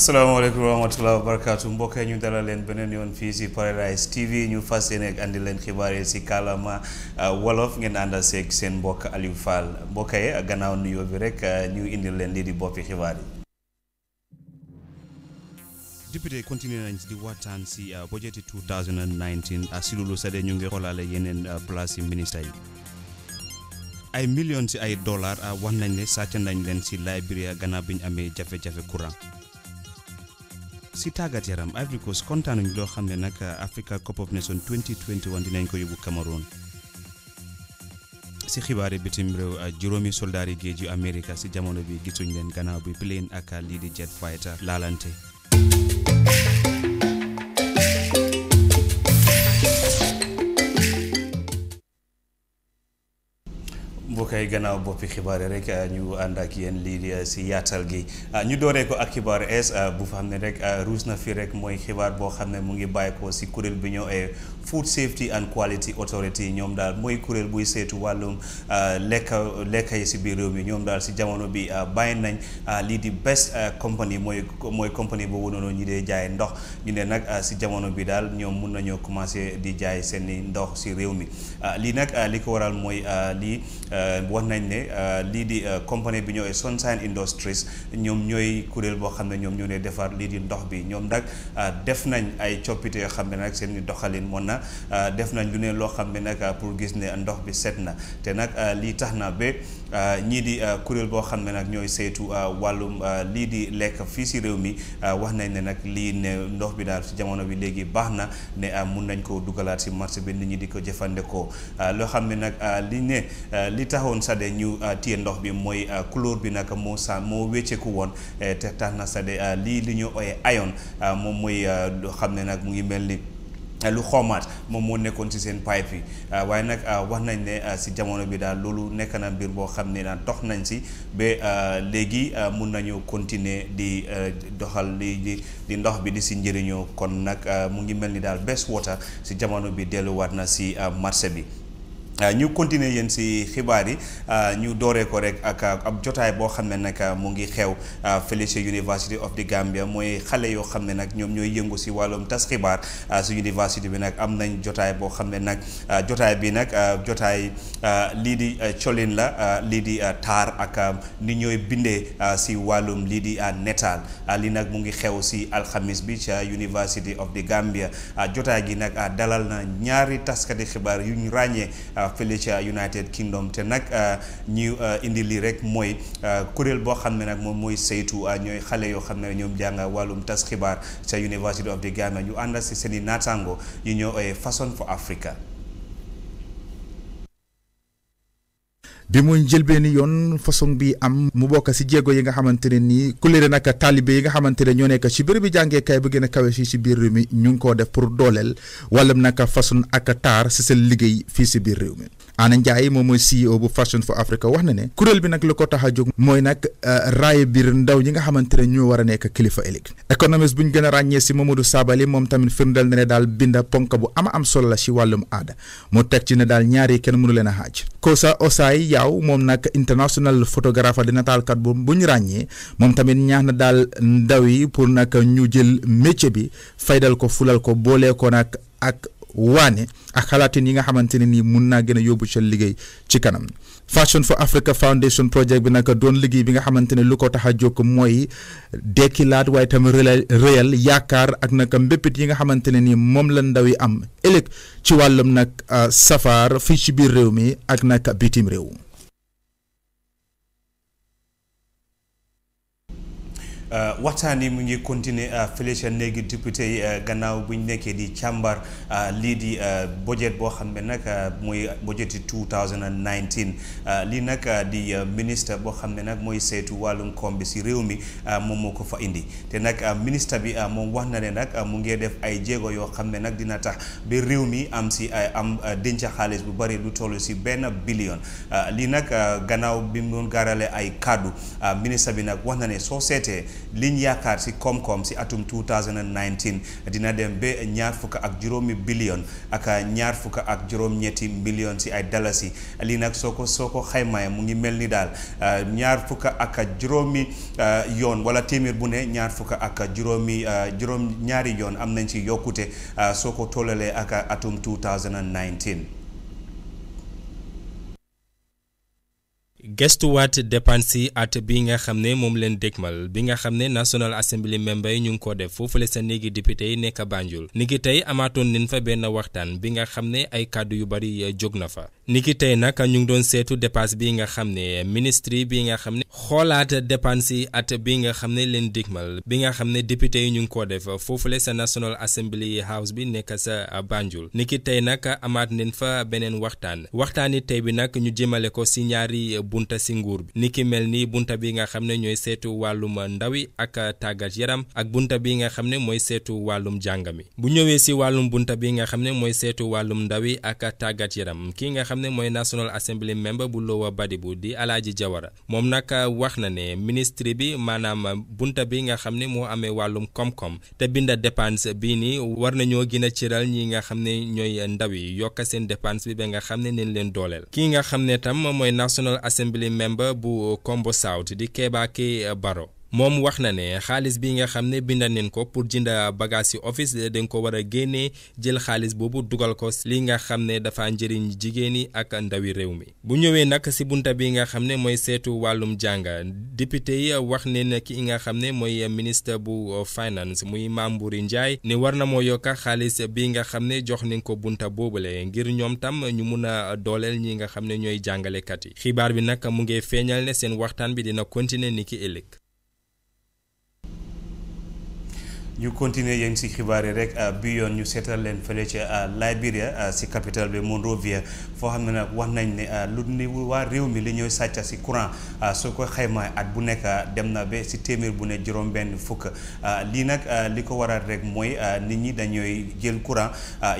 asalaamaaleykum wa rahmatulah wa barakaatu mbokk ñu dalal leen beneen yoon fii si Paradise TV ñu fas yéene andi leen xibaar yi si kàllaama uh, wolof ngeen àndal seek seen mbokk Aliou Fall mbokk yi gannaaw nuyoo bi rek uh, ñu indil leen lii di boppi xibaar yi. député continué nañ di waxtaan si uh, budget 2019 si loolu sax ñu ngi xoolaale yeneen place yi ministère yi. ay millions si ay dollars wax nañ ne sàcc nañ leen si Liberia gannaaw bi ñu amee jafe-jafe si tàggat yaram Ivory Coast kontaanuñ loo xam ne nag Africa Cup of Nations 2021 dinañ ko yóbbu Cameroon si xibaari bitim réew juróomi soldaari géej yu Amérique si jamono bi gisuñ leen gannaaw bi plane ak lii di jet fighter laalante. kay gannaaw boppi xibaar yi rek ah, ñu ànd ak yéen lii di ah, si yaatal gi ah, ñu dooree ko ak xibaar es bu fa xam ne rek ruus na fi rek mooy xibaar boo xam ne mu ngi bàyyi ko si kuréel bi ñoo food safety and quality authority ñoom daal mooy kuréel buy seetu wàllum lekka euh, lekka yi si biir réew mi ñoom daal si jamono bi euh, bàyyi nañ euh, lii di best company mooy mooy company boobu noonu ñi dee jaay ndox ñu ne nag si jamono bi daal ñoom mun nañoo commencé di jaay seeni ndox si réew mi lii nag li ko waral mooy lii wax nañ ne lii di company bi ñooy Sunshine Industries ñoom ñooy kuréel boo xam ne ñoom ñoo dee defar lii di ndox bi ñoom nag def nañ ay coppite yoo xam ne nag seen doxalin moon na euh, def nañ lu ne loo xam ne nag euh, pour gis ne ndox bi set na te nag euh, lii tax na ba ñii di kuréel boo xam ne nag ñooy saytu wàllum lii di lekk fii si réew mi wax nañ ne nag lii ne ndox bi daal jamono bi léegi baax na ne mun nañ koo dugalaat si marché bi nit di ko jëfandikoo loo xam ne nag li li taxoon sade ñu téye ndox bi mooy couleur bi nag moo sa moo wécceeku woon te tax na sade lii li ñu ooye ayoon moom mooy loo xam ne nag mu ngi mel ni lu xomaat moom moo nekkoon ci seen pipe yi euh, waaye nag euh, wax nañ ne si euh, jamono bi daal loolu nekk na mbir boo xam ne daal dox nañ si ba léegi mun nañu continuer di doxal di di ndox bi di si njëriñoo kon nag mu ngi mel ni daal Best Water si jamono bi delluwaat na ci marché bi. Euh, ñu continuer yéen si xibaar yi euh, ñu dooree ko rek ak ab jotaay boo xam ne nag euh, mu ngi xew Felice University of the Gambia mooy xale yoo xam ne nag ñoom ñooy yëngu si wàllum tas xibaar si université bi nag am nañ jotaay boo xam ne nag jotaay bi nag jotaay lii di colin la lii di taar ak ni ñooy bindee si wàllum lii di netaal li nag mu ngi xew si alxamis bi ca University of the Gambia jotaay gi nag dalal na ñaari taskati xibaar yu ñu ràññee fële ca United Kingdom te nag euh, ñu euh, indi lii rek mooy euh, kuréel boo xam ne nag moom mooy saytu ñooy xale yoo xam ne ñoom jàng wàllum tas xibaar ca University of the Gambia ñu ànd si seen i naataango yu ñoo ooyee Façon for Africa bi muy njëlbeen yoon façon bi am mu bokk si jéego yi nga xamante ne nii kuléere nag taalibe yi nga xamante ne ñoo nekk si béréb bi jàngeekaay bu gën a kawe fii si biir réew mi ñu ngi koo def pour dooleel wàllum nag façon ak taar si seen liggéey fii si biir réew mi Anna Ndiaye moom mooy CEO bu Fashion for Africa wax na ne kuréel bi nag lu ko tax a jóg mooy nag euh, raaye biir ndaw ñi nga xamante ne ñoo war a nekk kilifa ëllëg économiste bu gën a ràññee si moom la si wàllum aada mu teg ci ne daal ñaari kenn mënu a xaaj Kosa Osaay Yaaw moom nag international photographe di nataalkat bu bu ñu ràññee moom tamit ñaax na daal ndaw yi pour nag ñu jël métier bi faydal ko fulal ko boole ko nag ak. waane ak xalaatin yi nga xamante ne nii mun naa gën a yóbbu seen liggéey ci kanam Fashion for Africa Foundation project bi nag doon liggéey bi nga xamante ne lu ko tax a jóg mooy dekkilaat waaye tamit réel yaakaar ak nag mbéppit yi nga xamante ne nii moom la ndaw yi am ëllëg ci wàllum nag euh, safaar fii ci biir réew mi ak nag bitim réew. Euh, waxtaan yi mu ngi continuer euh, fële ca néegi député yi euh, gannaaw bu ñu nekkee di càmbar lii di budget boo xam ne nag mooy budget yi 2019 lii nag di ministre boo xam ne nag mooy seetu wàllum koom bi si réew mi moom moo ko fa indi te nag ministre bi moom wax na ne nag mu ngi def ay jéego yoo xam ne nag dina tax ba réew mi am si am denc xaalis bu bari lu toll si benn billion lii nag gannaaw bi mu doon gaarale ay kàddu ministre bi nag wax na ne soo seetee liñ yaakaar si koom-koom si atum 2019 dina dem ba ñaar fukk ak juróomi billion ak ñaar fukk ak juróom-ñetti million si ay dalasi lii nag soo ko soo ko xaymaay mu ngi mel ni daal euh, ñaar fukk ak juróomi euh, yoon wala téeméer bu ne ñaar fukk ak juróomi euh, juróom ñaari yoon am nañ ci yokkute soo ko tollalee ak atum 2019. gestuwaat dépense yi at bi nga xam ne moom leen dégmal bi nga xam ne National Assembly member yi ñu ngi ko def foofule sa néegi député yi nekk Banjul ni ki tey amaatoon nañ fa benn waxtaan bi nga xam ne ay kàddu yu bari jóg na fa ni ki tey nag ñu ngi doon seetu dépense bi nga xam ne ministre bi nga xam ne xoolaat dépense yi at bi nga xam ne leen dégmal bi nga xam ne député yi ñu ngi ko def foofule sa National Assembly House bi nekk Banjul ni ki tey nag amaat nañ fa beneen waxtaan waxtaani tey bi nag ñu jëmale ko si ñaari bunta si nguur bi ni ki mel ni bunta bi nga xam ne ñooy seetu wàllum ndaw ak tàggat yaram ak bunta bi nga xam ne mooy seetu wàllum bu ñëwee si wàllum bunta bi nga xam ne mooy seetu wàllum ndaw ak tàggat yaram ki nga xam ne national assembly member bu Lowa Badibou di Alaaji Jawara moom nag wax na ne ministre bi maanaam bunta bi nga xam ne moo amee wàllum kom koom te binda dépense bii nii war nañoo gën a ciral ñi nga xam ne ñooy ndaw yi yokk seen dépense bi ba nga xam ne leen dooleel ki nga xam tam mooy national assembly assembly member bu Kombo South di Kebake Baro moom wax na ne xaalis bi nga xam ne binda nañ ko pour jënd bagage ci office dañ ko war a génnee jël xaalis boobu dugal ko li nga xam ne dafa njëriñ jigéen yi ak ndawi réew mi bu ñëwee nag ci bunt bi nga xam ne mooy seetu wàllum jàng député yi wax ne na ki nga xam ne mooy ministre bu finance muy Mambouri Ndiaye ne war na moo yokka xaalis bi nga xam ne jox nañ ko bunta boobule ngir ñoom tam ñu mun a dooleel ñi nga xam ne ñooy jàngalekat yi xibaar bi nag mu ngi feeñal ne seen waxtaan bi dina continuer ni ki ëllëg ñu continuer yéen si xibaar yi rek euh, bi yoon ñu seetal leen fële euh, euh, ci Liberia si capital bi Monrovia foo xam ne nag wax nañ ne lu ni waa réew mi li ñooy sàcca si courant soo ko xaymaa at bu nekk dem na ba si téeméer bu ne juróom-benn fukk lii nag li ko waral rek mooy nit ñi dañooy jël courant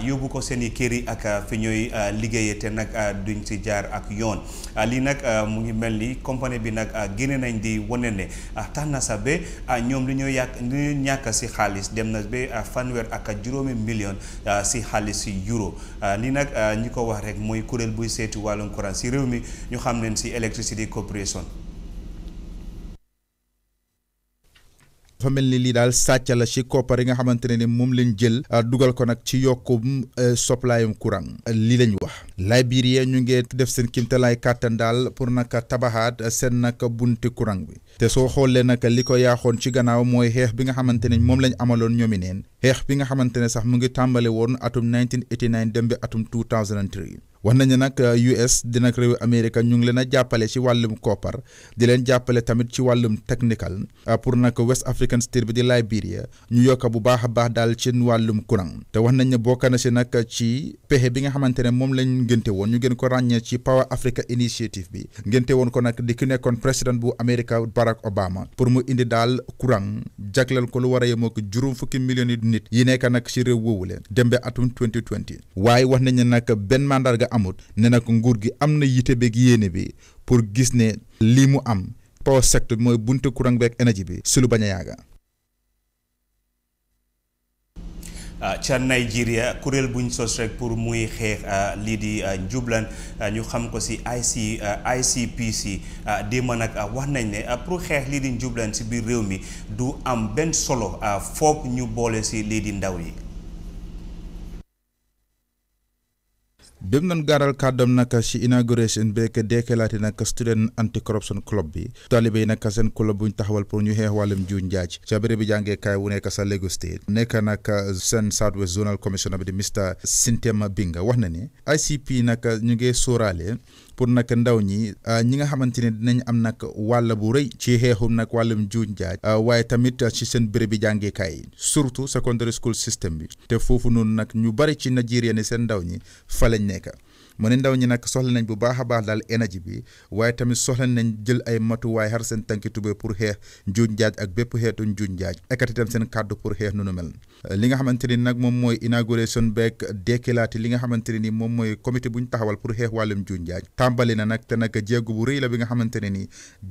yóbbu ko seen i kër yi ak fi ñooy liggéeyee te nag duñ ci jaar ak yoon lii nag mu ngi mel ni compagnie bi nag génne nañ di wone ne tax na sax ba ñoom li ñoo yàq li ñoo xaalis dem na ba euh, fanweer ak juróomi million euh, si xaalis si euro ni euh, nag ñi ko wax rek mooy kuréel buy seeti wàllum courant si réew mi ñu xam leen si Electricity Corporation dafa mel ni lii daal sàcc la ci koppar yi nga xamante ne ni moom lañ jël euh, dugal ko nag ci yokkum euh, soplaayum courant lii lañ wax Libéria ñu ngi def seen kimtalaay kàttan daal pour nag tabaxaat seen nag bunti courant bi te soo xoolee nag li ko yaaxoon ci gannaaw mooy xeex bi nga xamante ne moom lañ amaloon ñoomi neen xeex bi nga xamante ne sax mu ngi tàmbali woon atum 1989 dem bi atum 2003 wax nañu US uh, dina rew nyunglena ñu ngi leen a jàppale ci wàllum koppar di leen jàppale tamit ci wàllum technical uh, pour nak West African state bi di Liberia ñu York bu baax a baax daal ci wàllum kurang te wax nañ bokk na si nak ci pexe bi nga xamante ne moom lañ ñu gën ko ci Power Africa Initiative bi ngénte woon ko nak di ki nekkoon president bu Amerika Barack Obama pour mu indi daal kurang jaglal ko lu war a yemoo ko juróom fukki millions nit yi nekk nak ci réew woowule dembe atum 2020 waaye wax nañ nak ben mandarga amut ne nag nguur gi am na yite beeg yéene bi pour gis ne lii mu am power sector bi mooy bunte courant beeg énergie bi su lu bañ a ah, kuréel buñ sos pour muy xeex ah, lii di ah, njublan ñu xam ko si IC ICPC démb nag wax nañ ne pour xeex lii di njublan si biir réew mi du am benn solo foog ñu boole si lii di ndaw yi bim nan gaaral kàddam naka si inauguration beek deekalaati naka student anti corruption club bi taalibe yi naka seen club bu ñu taxawal pour ñu xeex wàllum juuñ njaaj ca béré bi jàngeekaay wu nekk sa Lagos State nekk naka seen South West zonal commissioner bi di Mr Sintema Binga wax na ne ICP naka ñu ngi sóoraale pour nag ndaw ñi euh, ñi nga xamante ne dinañ am nag wàll bu rëy ci xeexum nag wàllum juuñ jaaj euh, waaye tamit ci seen béréb bi jàngeekaay yi surtout secondary school system bi te foofu noonu nag ñu bari ci Nigeria ni seen ndaw ñi fa lañ nekk mu ne ndaw ñi nag soxla nañ bu baax a baax daal énergie bi waaye tamit soxla nañ jël ay matuwaay xar seen tànki tubéy pour xeex njuuñ njaaj ak bépp xeetu njuuñ njaaj ekkati seen kàddu pour xeex nunu mel li nga xamante ni nag moom mooy inauguration beeg dekkilaati li nga xamante ne ni moom mooy comité bu ñu pour xeex wàllum njuuñ njaaj tàmbali na nag te nag jéego bu rëy la bi nga xamante ne ni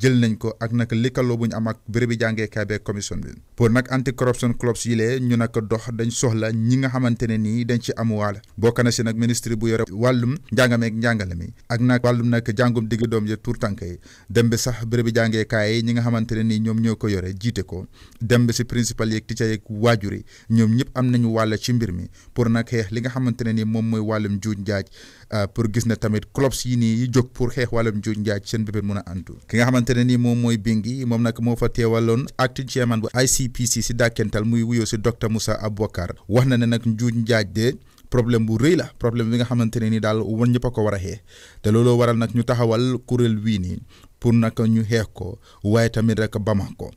jël nañ ko ak nag likkaloo bu ñu am ak bérébi jàngeekaay beeg commission bi pour nag anti corruption clubs yi lee ñu nag dox dañ soxla ñi nga xamante ne nii dañ ci amuwaale bokk na si nag ministre bu yore wàllum njàngameeg njàngale mi ak nag wàllum nag jàngum digg doom ya tuur tànk yi dem bi sax bérébi jàngeekaay ñi nga xamante ne nii ñoom ñoo ko yore jiite ko dem bi si principal yeeg ticca yeeg waajur yi ñëpp am nañu wàll ci mbir mi pour nag li nga xamante ne nii moom mooy wàllum juuj njaaj euh, pour gis na tamit clubs yi nii yi jóg pour xeex wàllum juuj njaaj seen bébét mun a antu ki nga xamante ne nii moom mooy Bingi moom nag moo fa teewaloon acting chairman bu ICPC si dàkkental muy wuyoo si docteur Moussa Aboubacar wax na ne nag njuuj njaaj de problème bu rëy la problème bi nga xamante ne ni daal wan ñëpp a ko war a xeex te looloo waral nag ñu taxawal kuréel wii nii pour nag ñu xeex ko waaye tamit rek bamax ko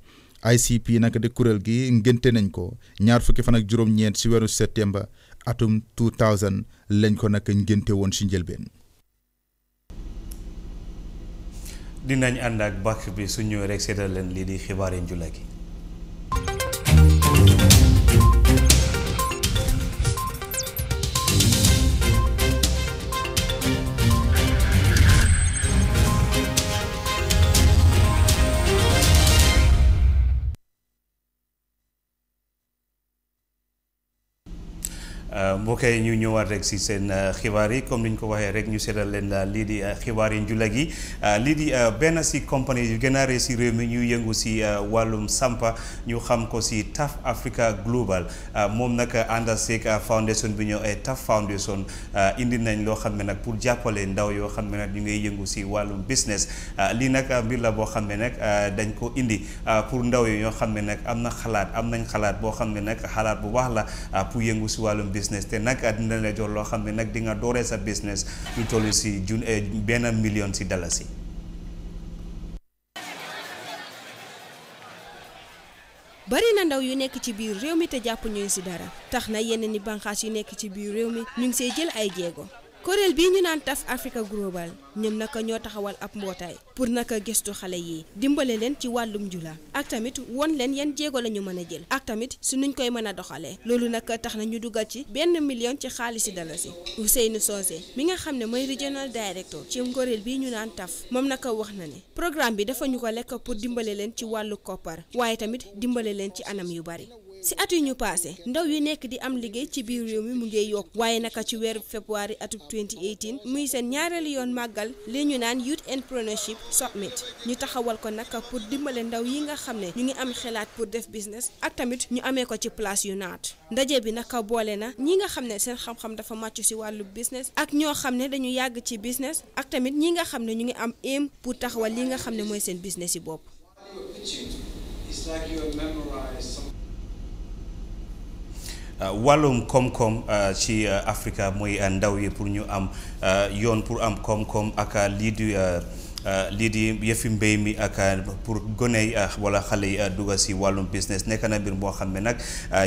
ICP nag di kuréel gi ngénte nañ ko ñaar fukki fan ak juróom-ñeent si weeru septembre atum 2000 lañ ko nag ngénte woon si njëlbeen. dinañ ànd ak bàkk bi su ñëwee rek seetal leen lii di xibaar yi njula gi Euh, mbokk yi ñu ñëwaat rek si seen euh, xibaar yi comme ni ñu ko waxee rek ñu seddal leen euh, lii di xibaar yi njula gi lii di benn si compagnie yu gën si réew mi ñu yëngu si wàllum sampa ñu xam ko si TAF Africa Global moom nag ànd ak foundation bi ñëw ay TAF Foundation indi nañ loo xam ne nag pour jàppale ndaw yoo xam ne nag ñu ngay yëngu si wàllum business lii nag mbir la boo xam ne nag dañ ko indi pour ndaw yi ñoo xam ne nag am na xalaat am nañ xalaat boo xam ne nag xalaat bu baax la pour yëngu si wàllum business nag dina la loo xam ne nag di nga dooree sa business lu toll si jun eh, benn million si dalasi bari na ndaw yu nekk ci biir réew mi te jàpp ñuy si dara tax na yenn ni bànqaas yu nekk ci biir réew mi ñu ngi see jël ay jéego kuréel bii ñu naan TAF Africa Global ñoom naka ñoo taxawal ab mbootaay pour naka gëstu xale yi dimbale leen ci wàllum jula ak tamit won leen yan jéego la ñu mën a jël ak tamit su koy mën a doxalee loolu naka tax na ñu dugal ci benn million ci xaalisi dalasi Ousseynou Socé mi nga xam ne mooy regional director ci kuréel bii ñu naan TAF moom naka wax na ne programme bi dafa ñu ko lekk pour dimbale leen ci wàllu koppar waaye tamit dimbale leen ci anam yu bari si at yu ñu paase ndaw yi nekk di am liggéey ci biir réew mi mu ngi yokk waaye naka ci weeru février atub 2018 muy seen ñaareelu yoon màggal li ñu naan Youth Entrepreneurship Summit ñu taxawal ko naka pour dimbale ndaw yi nga xam ne ñu ngi am xelaat pour def business ak tamit ñu amee ko ci place yu naat ndaje bi naka boole na ñi nga xam ne seen xam-xam dafa màcc si wàllu business ak ñoo xam ne dañu yàgg ci business ak tamit ñi nga xam ne ñu ngi am aim taxawal li nga xam ne mooy seen business yi bopp. Euh, wàllum koom-koom euh, ci euh, Africa mooy ndaw yi pour ñu am yoon pour am koom-koom ak lii di Euh, lii di yëfi mbéy mi ak euh, pour gone yi euh, wala xale yi dugal si wàllum business nekk na mbir moo xam ne nag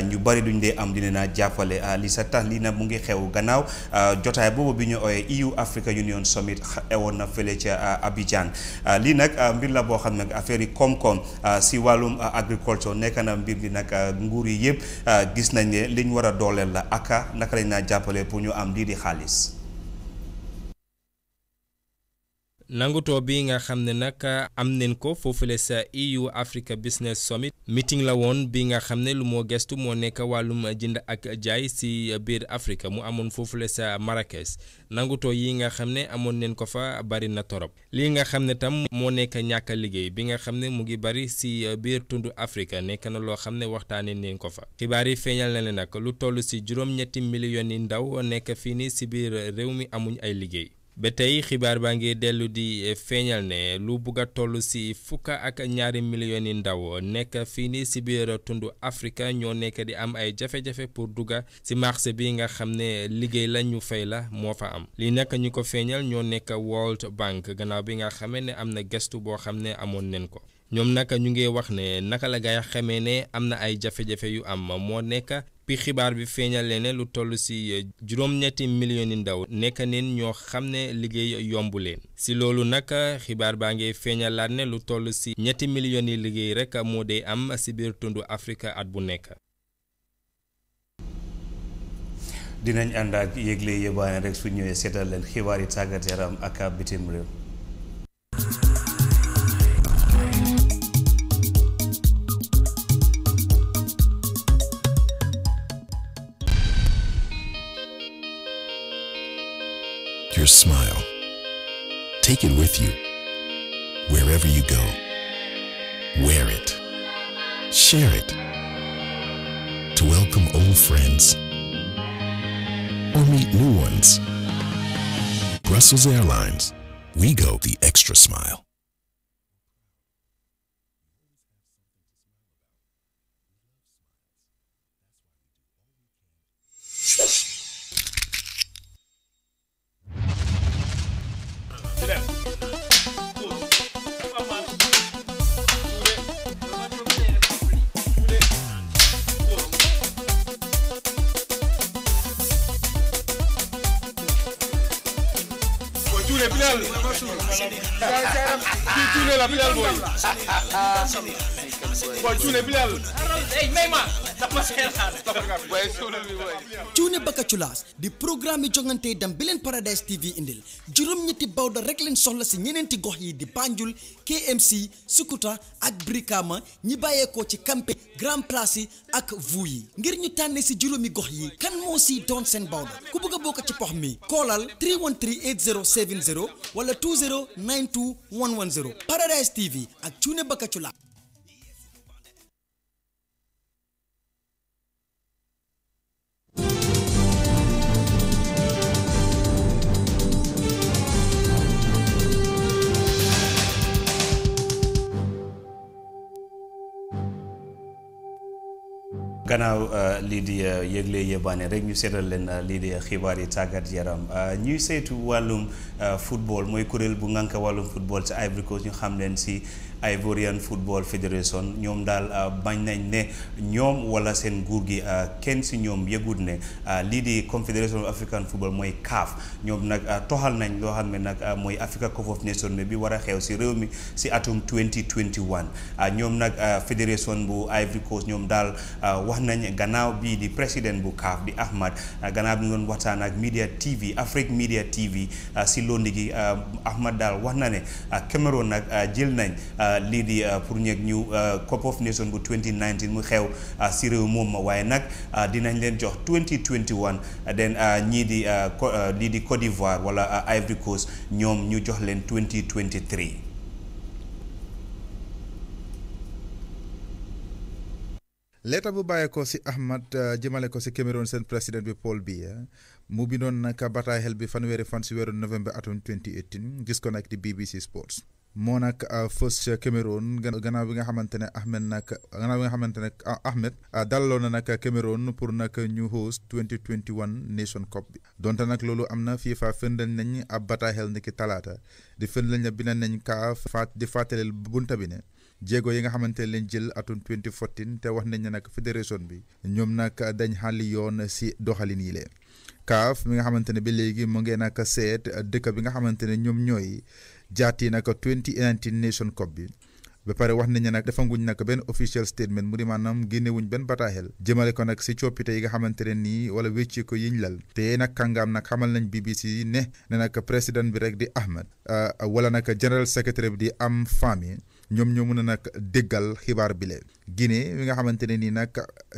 ñu bari duñ dee am di dina naa jàppale li sa tax lii nag mu ngi xew gannaaw jotaay boobu bi ñu ooyee EU Africa Union Summit xewoon na fële ca Abidjan lii nag mbir la boo xam ne affaire yi koom si wàllum agriculture nekk na mbir bi nag nguur yi yëpp gis nañ ne liñ war a dooleel la ak naka lañ naa jàppale pour ñu am lii di xaalis nangutoo bii nga xam ne nag uh, am nañ ko foofule sa EU Africa Business Summit meeting la woon bii nga xam ne lu moo gestu moo nekk wàllum jënd ak jaay si biir Afrique mu amoon foofu foofule sa Marrakech nangutoo yi nga xam ne amoon nañ ko fa bari na torop lii nga xam ne tam moo nekk ñàkk liggéey bi nga xam ne mu ngi bari si biir tund Afrique nekk na loo xam ne waxtaanee nañ ko fa xibaar yi feeñal na ne nag lu toll si juróom-ñetti millions yi ndaw nekk fii nii si biir réew mi amuñ ay liggéey. ba tey xibaar baa ngi dellu di eh, feeñal ne lu bugg a toll si fukk ak ñaari millions yi ndaw nekk fii nii si biir tundu Afrique ñoo nekk di am ay jafe-jafe pour dugga si marché bi nga xam ne liggéey la ñu fay la moo fa am lii nag ñu ko feeñal ñoo nekk World Bank gannaaw bi nga xamee ne am na gëstu boo xam ne amoon nañ ko. ñoom nag ñu ngi wax ne naka la gay xamee ne am na ay jafe-jafe yu am moo nekk pi xibaar bi feeñalee ne lu toll si eh, juróom-ñetti ndaw nekk neen ñoo xam ne liggéey yomb leen si loolu nag xibaar baa ngi feeñalaat ne lu toll si ñetti millions yi liggéey rek moo dee am si biir tundu Afrique at bu nekk. dinañ ànd ak yëgle rek su ñëwee seetal leen xibaar yi tàggat ak bitim your smile. Take it with you, wherever you go. Wear it. Share it. To welcome old friends or meet new ones. Brussels Airlines, we go the extra smile. cuune bakka culaas di programme yi jongante dam bi leen Paradise TV indil juróom-ñetti bawda rek leen soxla si ñeneenti gox yi di Banjul KMC Sukuta ak Brikama ñi bàyyeekoo ci campé grand place yi ak vuu yi ngir ñu tànne si juróomi gox yi kan moo si doon seen bawda ku bëgg a bokk ci pox mi koolal 313 8070 wala 2092 110 Paradise TV ak cuune bakka gannaaw euh, lii di euh, yëgle yëbaane rek ñu seetal leen euh, lii di xibaar yi tàggat yaram ñuy saytu wàllum football mooy kuréel bu ngànk wàllum football ci Ivory Coast ñu xam leen si Ivorian Football Federation ñoom daal ah, bañ nañ ne ñoom wala seen guur gi ah, kenn si ñoom yëgut ne ah, lii di Confederation of African Football mooy kaaf ñoom nag toxal nañ loo xam ne nag mooy Africa Cup of Nations bi war a xew si réew mi si atum 2021 ñoom nag fédération bu Ivory Coast ñoom daal wax nañ gannaaw bii di président bu CAF di Ahmad gannaaw bi ñu doon waxtaan ak Media TV Afrique Media TV si londi gi Ahmad daal wax na ne Cameroon nag jël nañ Euh, lii di euh, pour ñeeg ñu euh, Cup of Nations bu mu xew si réew moom waaye nag dinañ leen jox 2021 den ñii di lii di Côte d'Ivoire wala Ivory Coast ñoom ñu jox leen 2023. leeta bu bàyyeekoo si Ahmad jëmale ko si Cameroon seen président bi Paul Biya mu bindoon naka bataaxel bi fanweeri fan si weeru novembre atum 2018 gis ko nag di BBC Sports. moo nag euh, fës ca gannaaw bi nga xamante ne Ahmed nag gannaaw bi nga xamante ne ah, Ahmed euh, dalaloon na nag Cameroun pour nag ñu host 2021 Nation Cup bi donte nag loolu am na fii FIFA firndeel nañ ab bataaxel niki talaata di fën firndeel na bina nañ kaa faat di fàttaleel bunta bi ne jéego yi nga xamante ne leen jël atum 2014 te wax nañ ne nag fédération bi ñoom nag dañ xàlli yoon si doxalin yi lee kaaf mi nga xamante ne ba léegi mu ngee nag seet dëkk bi nga xamante ne ñoom ñooy jaati naka 2019 nation cup bi ba pare wax nañu nag defanguñ nag benn official statement mu di maanaam génnewuñ benn bataaxel jëmale ko nag si coppite yi nga xamante ne nii wala wéccee ko yiñ lal te nag kàngaam nag xamal nañ BBC ne na nag président bi rek di Ahmed euh, wala nag general secretary bi di am Fahmy ñoom ñoo mën a nag déggal xibaar bi leen Guinée mi nga xamante ne nii nag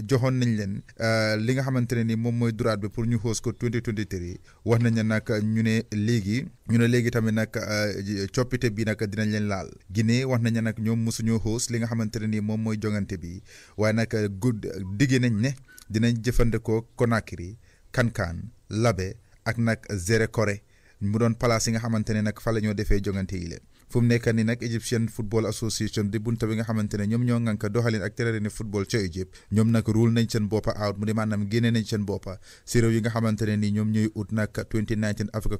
joxoon nañ leen euh, li nga xamante ne ni moom mooy droit bi pour ñu xoos ko 2023 wax nañ ne nag ñu ne léegi ñu ne léegi tamit nag euh, coppite bi nag dinañ leen laal Guinée wax nañ ne nag ñoom mosuñoo xoos li nga xamante ne ni moom mooy jongante bi waaye nag gudd digge nañ ne dinañ jëfandikoo Conakry kankaan labe ak nag Zéro Koré mu doon palaas yi nga xamante ne nag fa la ñoo defee jongante yi leen fu mu nekk ni nag Egyptian Football Association di bunta bi nga xamante ne ñoom ñoo ŋànk doxalin ak terrain ni football ca Egypte ñoom nag ruul nañ seen boppa out mu di maanaam génne nañ seen boppa si réew yi nga xamante ne nii ñoom ñooy ut nag 2019 Africa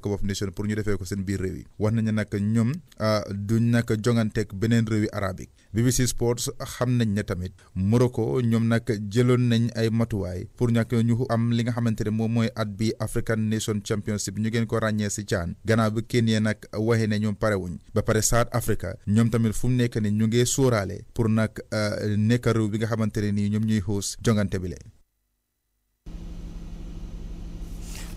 ah, beneen réew yi arabique BBC Sports xam nañ ne tamit Morocco ñoom nag jëloon nañ ay matuwaay pour ñàkk ñu am li nga xamante ne moom mooy at bi African Nation Championship ñu gën ko ràññee si caan gannaaw bi Kenya nag waxee ne ñoom parewuñ ba pare pare South Africa ñoom tamit fu mu nekk nii ñu ngee sóoraale pour nag euh, nekk réew bi nga xamante ne nii ñoom ñuy host jongante bi le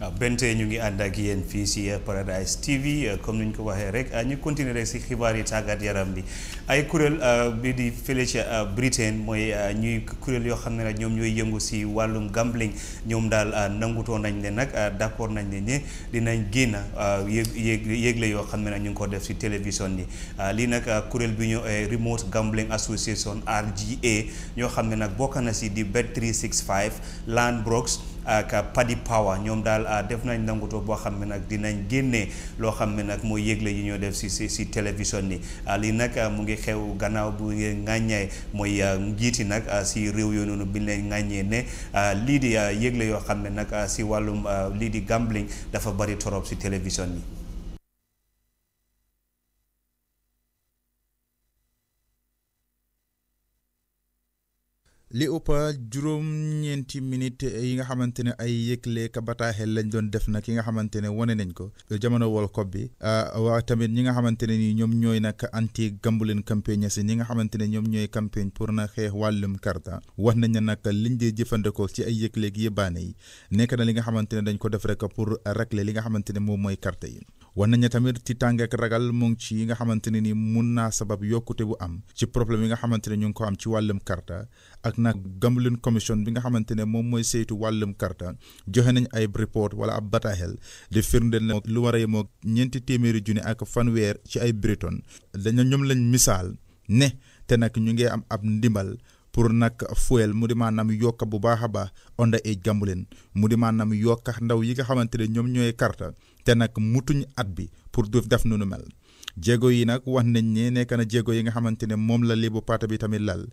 waaw benn ñu ngi ànd ak yéen fii si Paradise TV comme ni ñu ko waxee rek ñu continuer rek si xibaar yi tàggat yaram bi ay kuréel euh, bi di fële ca euh, Britain mooy euh, ñuy kuréel yoo xam ne nag ñoom ñooy yëngu si wàllum gambling ñoom daal nangutoo nañ ne nag d' accord nañ ne ñi dinañ génn yëg yëg yëgle yoo xam ne nag ñu ngi ko def si télévision yi lii nag kuréel bi ñu Remote Gambling Association RGA ñoo xam ne nag bokk na si di Bet365 Ladbrokes ak Paddy Power ñoom daal ah, def nañ nanguto boo xam ne nag dinañ génne loo xam ne nag mooy yëgle yi ñoo def si si si télévision ni ah, lii nag ah, mu ngi xew gannaaw bu ngeen ŋàññee mooy njiiti nag si réew yoo noonu bi leen ŋàññee ne lii di yëgle yoo xam ne nag si wàllum lii di gambling dafa bari torop si télévision ni li ëppa juróom-ñeenti minute yi nga xamante ne ay yëgle ka bataaxel lañ doon def nag yi nga xamante ne wane nañ ko jamono World Cup bi ah, waa tamit ñi nga xamante ne ni ñoom ñooy nag anti gambulin campagne si ñi nga xamante ne ñoom ñooy campagne pour na xeex wàllum karta wax nañ ne nag liñ dee jëfandikoo ci ay yëgleeg yëbaane yi nekk na li nga xamante ne dañ ko def rek pour régler li nga xamante ne moom mooy karta yi war nañu tamit ci tàng ak ragal mu ci yi nga xamante ne ni mun naa sabab yokkute bu am ci problème yi nga xamante ne ñu ngi ko am ci wàllum karta ak nag Gambling Commission bi nga xamante ne moom mooy saytu wàllum karta joxe nañ ay report wala ab bataaxel di firndeel ne lu wara a yemoo ñeenti téeméeri junni ak fanweer ci ay Briton dañu ñoom lañu misaal ne te nag ñu ngi am ab ndimbal. pour nag fuel mu di maanaam yokka bu baax a baax under age gambling mu di maanaam yokka ndaw yi nga xamante ne ñoom ñooy karta te nag mutuñ at bi pour du def nu mel jéego yi nag wax nañ ne nekk na jéego yi nga xamante ne moom la lébu paata bi tamit lal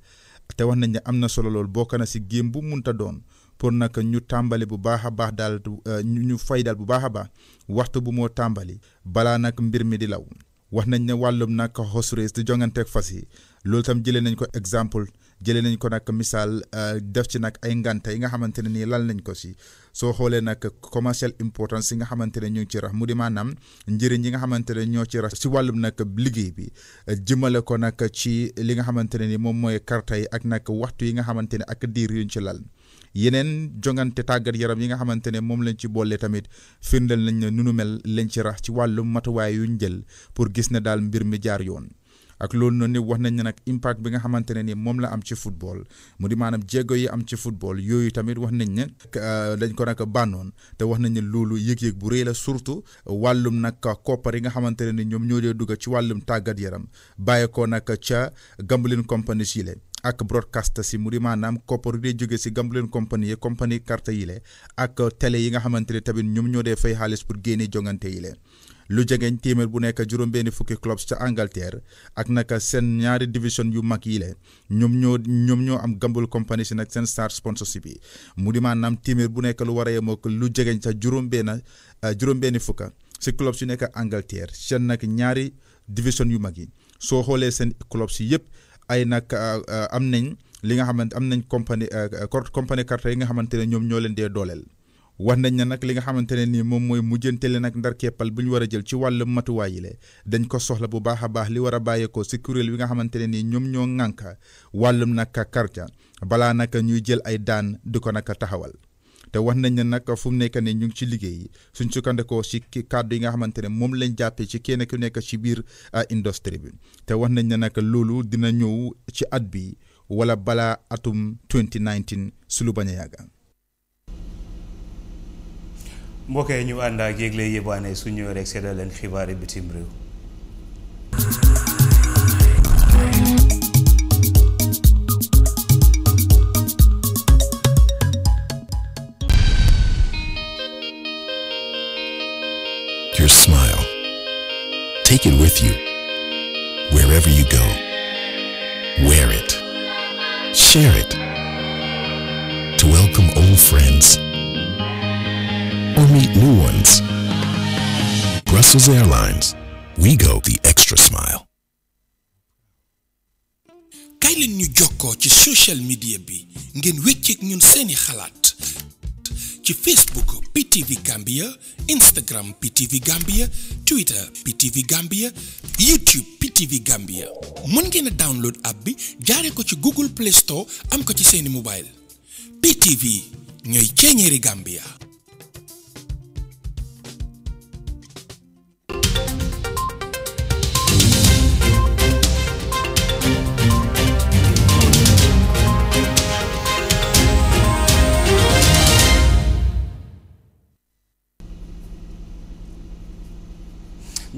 te wax nañ ne am na solo lool bokk na si géem bu munta doon pour nag ñu tàmbali bu baax a baax daal euh, ñu fay daal bu baax a baax waxtu bu moo tàmbali balaa nag mbir mi di law wax nañ ne wàllum nag horse race di jonganteeg fas yi loolu tam jëlee nañ ko exemple jëlee nañ ko nag misaal euh, def ci nag ay nganta yi nga xamante ne nii lal nañ ko si soo xoolee nag commercial importance yi nga xamante ne ñu ngi ci rax mu di maanaam njëriñ yi nga xamante ne ñoo ci rax si wàllum nag liggéey bi jëmale ko nag ci li nga xamante ne ni moom mooy karta ak nag waxtu yi nga xamante ne ak diir yuñ ci lal yeneen jongante tàggat yaram yi nga xamante ne moom lañ ci boole tamit firndeel nañ ne nunu mel lañ ci rax ci wàllum matuwaay yuñ jël pour gis ne daal mbir mi jaar yoon ak loolu noonu ni wax nañ ne nag impact bi nga xamante ne ni moom la am ci football mu di maanaam jéego yi am ci football yooyu tamit wax nañ ne euh, dañ ko nag bànnoon te wax nañ ne loolu yëg-yëg bu rëy la surtout wàllum nag koppar yi nga xamante ne ni ñoom ñoo dee dugg ci wàllum tàggat yaram bàyyeekoo nag ca Gambling Company Chile ak broadcast si mu di maanaam koppar di jóge si Gambleen compagnie compagnie carte yi le ak télé yi nga xamante ne tamit ñoom ñoo dee fay xaalis pour génne jongante yi le lu jegeñ téeméer bu nekk juróom-benni fukki clubs ca Angleterre ak naka seen ñaari division yu mag yi la ñoom ñoo ñoom ñoo am Gamble company si nag seen star sponsorship bi mu di maanaam téeméer bu nekk lu war a lu jegeñ ca juróom-benn euh, juróom-benni fukka si clubs si nekk Angleterre seen nag ñaari division yu mag yi soo xoolee seen clubs si yëpp ay nag euh, euh, am nañ li nga xamante am nañ compagnie compagnie carte yi nga xamante ne ñoom ñoo leen dee dooleel. wax nañ ne nag li nga xamante ne nii moom mooy mujjantele nag ndar keppal bu ñu war a jël ci wàllum matuwaay yi la dañ ko soxla bu baax a baax li war a bàyyeekoo si kuréel bi nga xamante ne nii ñoom ñoo ŋànk wàllum nag karta balaa nag ñuy jël ay daan di ko nag taxawal. te wax nañ ne nag fu mu nekk ne ñu ngi ci liggéey suñ sukkandikoo si kàddu yi nga xamante ne moom lañ jàppee ci kenn ku nekk ci biir ah, industrie bi te wax nañ ne nag loolu dina ñëw ci at bi wala balaa atum 2019 su lu bañ a yàgg ñu ak yëgle su rek leen xibaari bitim Your smile. Take it with you wherever you go. Wear it. Share it. To welcome old friends. or meet new ones. Brussels Airlines, we go kay leen ñu jokkoo ci social media bi ngeen wécceek ñun seeni xalaat ci Facebook PTV Gambia Instagram PTV Gambia Twitter PTV Gambia YouTube PTV Gambia mën ngeen a download app bi jaaree ko ci Google Play Store am ko ci seeni mobile PTV ñooy ceeñeeri Gambia.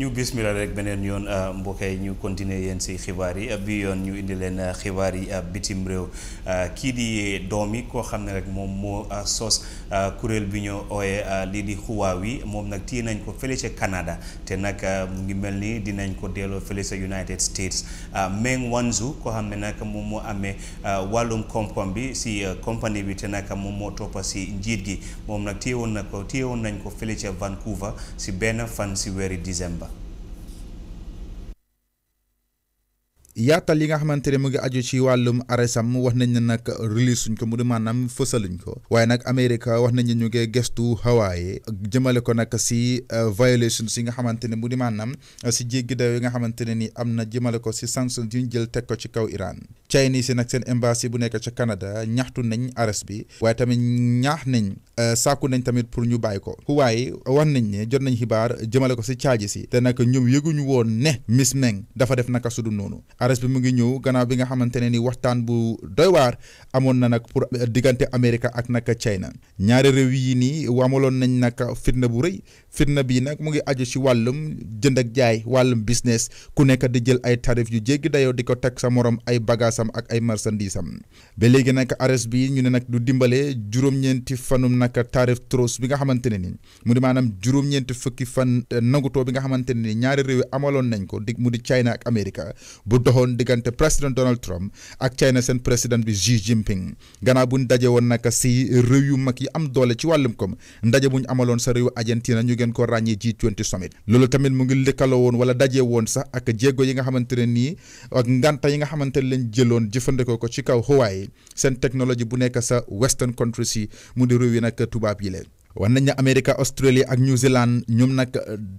ñu bismillah rek beneen yoon euh, mbokk yi ñu continuer yéen si xibaar yi bi yoon ñu indi leen euh, xibaar yi euh, bitim réew kii di doom yi koo xam ne rek moom moo sos kuréel bi ñu ooye lii di Huawei moom nag téye nañ ko fële ca Canada te nag mu ngi mel ni dinañ ko delloo fële ca United States Meng Wanzhou koo xam ne nag moom moo amee wàllum koom-koom bi si compagnie bi te nag moom moo toppa si njiit gi moom nag téye woon na ko téye nañ ko fële ca Vancouver si benn fan si weeri décembre. yatal yi nga xamante ne mu ngi aju ci wàllum aresam wax nañ ne nag release suñ ko mu di maanaam fësaluñ ko waaye nag Amérique wax nañ ne ñu ngi gestu Hawaii jëmale ko nag si euh, violations yi nga xamante ne mu di maanaam euh, si jéggi daw nga xamante ne ni am na jëmale ko si sanctions yu ñu jël teg ko ci kaw Iran Chinese yi nag seen embassy bu nekk ca Canada ñaxtu nañ arrest bi waaye tamit ñaax nañ euh, sàkku nañ tamit pour ñu bàyyi ko Hawaii wax nañ ne jot nañ xibaar jëmale ko si charges yi te nag ñoom yëguñu woon ne Miss Meng dafa def naka su du noonu ares bi mu ngi ñëw gannaaw bi nga xamante ne ni waxtaan bu doy waar amoon na nag pour diggante Amérique ak nag China ñaari réew yi nii amaloon nañ nag fitna bu rëy fitna bii nag mu ngi aju ci wàllum jënd ak jaay wàllum business ku nekk di jël ay tarif yu jéggi dayoo di ko teg sa morom ay bagaasam ak ay marchandise ba léegi nag ares bi ñu ne nag du dimbale juróom-ñeenti fanum nag tros bi nga xamante ne ni mu di maanaam juróom fukki fan nangutoo bi nga xamante ne ni réew yi amaloon nañ ko di mu di China ak Amérique bu doxoon diggante président Donald Trump ak China seen président bi Xi Jinping gannaaw bu ñu daje woon naka si réew yu mag yi am doole ci wàllum koom ndaje bu ñu amaloon sa réew Argentina ñu gën ko ràññee G20 summit loolu tamit mu ngi lëkkaloo woon wala daje woon sax ak jéego yi nga xamante ne nii ak nganta yi nga xamante ne lañ jëloon jëfandikoo ko ci kaw Hawaii seen technologie bu nekk sa western countries yi mu di réew yi nag tubaab yi leen. war nañ ne Amérique Australie ak New Zealand ñoom nag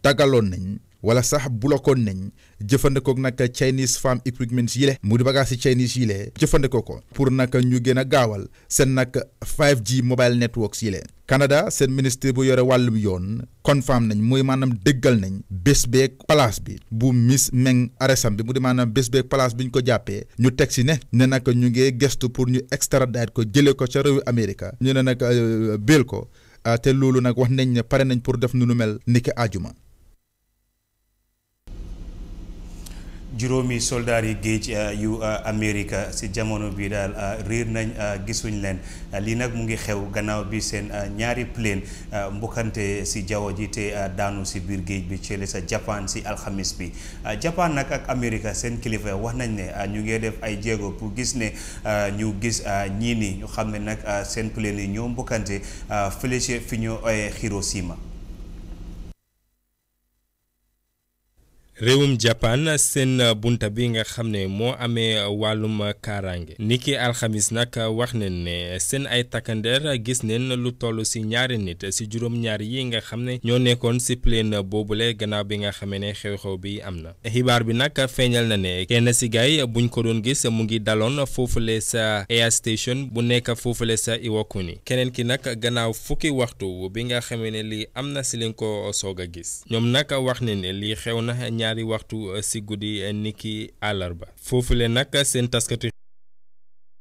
dagaloon nañ. wala sax blokoon nañ jëfandikoo nag Chinese farm equipment yi le mu di bagage si Chinese yi le jëfandikoo ko pour nag ñu gën a gaawal seen nag 5G mobile networks yi le Canada seen ministre bu yore wàllum yoon confirm nañ muy maanaam dëggal nañ bés beeg place bi bu Miss Meng arresam bi mu di maanaam bés beeg place bi ñu ko jàppee ñu teg si ne ne nag ñu ngee gestu pour ñu extradite ko jëlee ko ca réewu Amérique ñu ne nag euh, béel ko euh, te loolu nag wax nañ ne pare nañ pour def nu nu mel niki àjjuma. juróomi soldaar yi géej euh, yu euh, Amérique euh, si jamono bi daal riir nañ gisuñ leen lii nag mu ngi xew gannaaw bi seen ñaari plane mbukkante si jaww ji te daanu si biir géej bi ci sa Japan si alxamis bi Japan nag ak Amérique seen kilifa wax nañ ne ñu ngi def ay jéego bu gis ne ñu gis ñii ni ñu xam ne nag seen plane yi ñoo mbukkante fële fi ñu ooyee Hiroshima réewum Japan seen bunt bi nga xam ne moo amee wàllum kaaraange niki alxamis nag wax nañ ne seen ay takkandeer gis neen lu toll si ñaari nit si juróom-ñaar yi nga xam ne ñoo nekkoon si plaine boobule gannaaw bi nga xamee ne xew-xew bi am na xibaar bi nag feeñal na ne kenn si gaay ñu ko doon gis mu ngi daloon foofule sa air station bu nekk foofule sa ni keneen ki nag gannaaw fukki waxtu bi nga xamee ne lii am na si leen ko soog a gis ñoom nag wax lii xew ñaari waxtu euh, si guddi euh, niki àllarba foofule nag seen taskati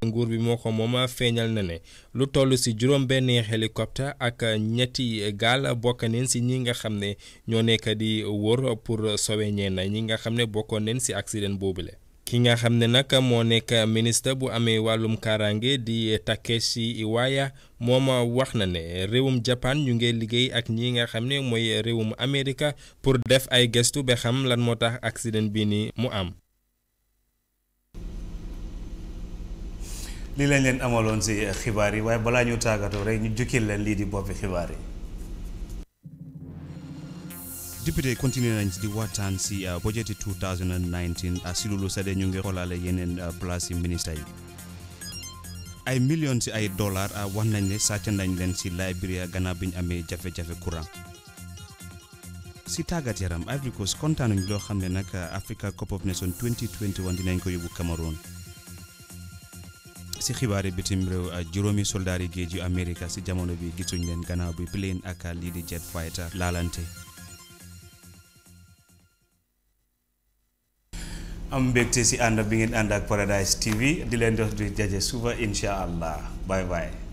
nguur bi moo ko moom euh, feeñal na ne lu toll si juróom benn hélicoptère ak ñetti gaala bokk neen si ñi nga xam ne ñoo nekk di wóor pour sowe ñee na ñi nga xam ne bokkoon neen si accident boobule. ki nga xam ne nag moo nekk ministre bu amee wàllum kaaraange di Takeshi Iwaya moom wax na ne réewum Japan ñu ngi liggéey ak ñi nga xam ne mooy réewum Amérique pour def ay gëstu ba xam lan moo tax accident bii nii mu am. lii lañ leen amaloon si xibaar yi waaye balaa ñu tàggatoo rek ñu jukkil leen lii di boppi xibaar yi. député continué nañ di waxtaan si euh, budget 2019 euh, si loolu c'est-à-dire ñu ngi xoolaale yeneen euh, place yi ministère yi ay million si ay dollar wax nañ ne sàcc nañ leen si Liberia gannaaw bi ñu amee jafe-jafe courant si tàggat yaram Ivory Coast kontaan nañu loo xam ne nag Africa Cup of Nations 2021 dinañ ko yóbbu Cameroon si xibaari bitim réew juróomi soldaari géej yu Amérique si jamono bi gisuñu leen gannaaw bi plane ak lii di jet fighter laalante. am mbégte si ànd bi ngeen ànd ak Paradise TV di leen dox di jaje suba incha allah bye bye.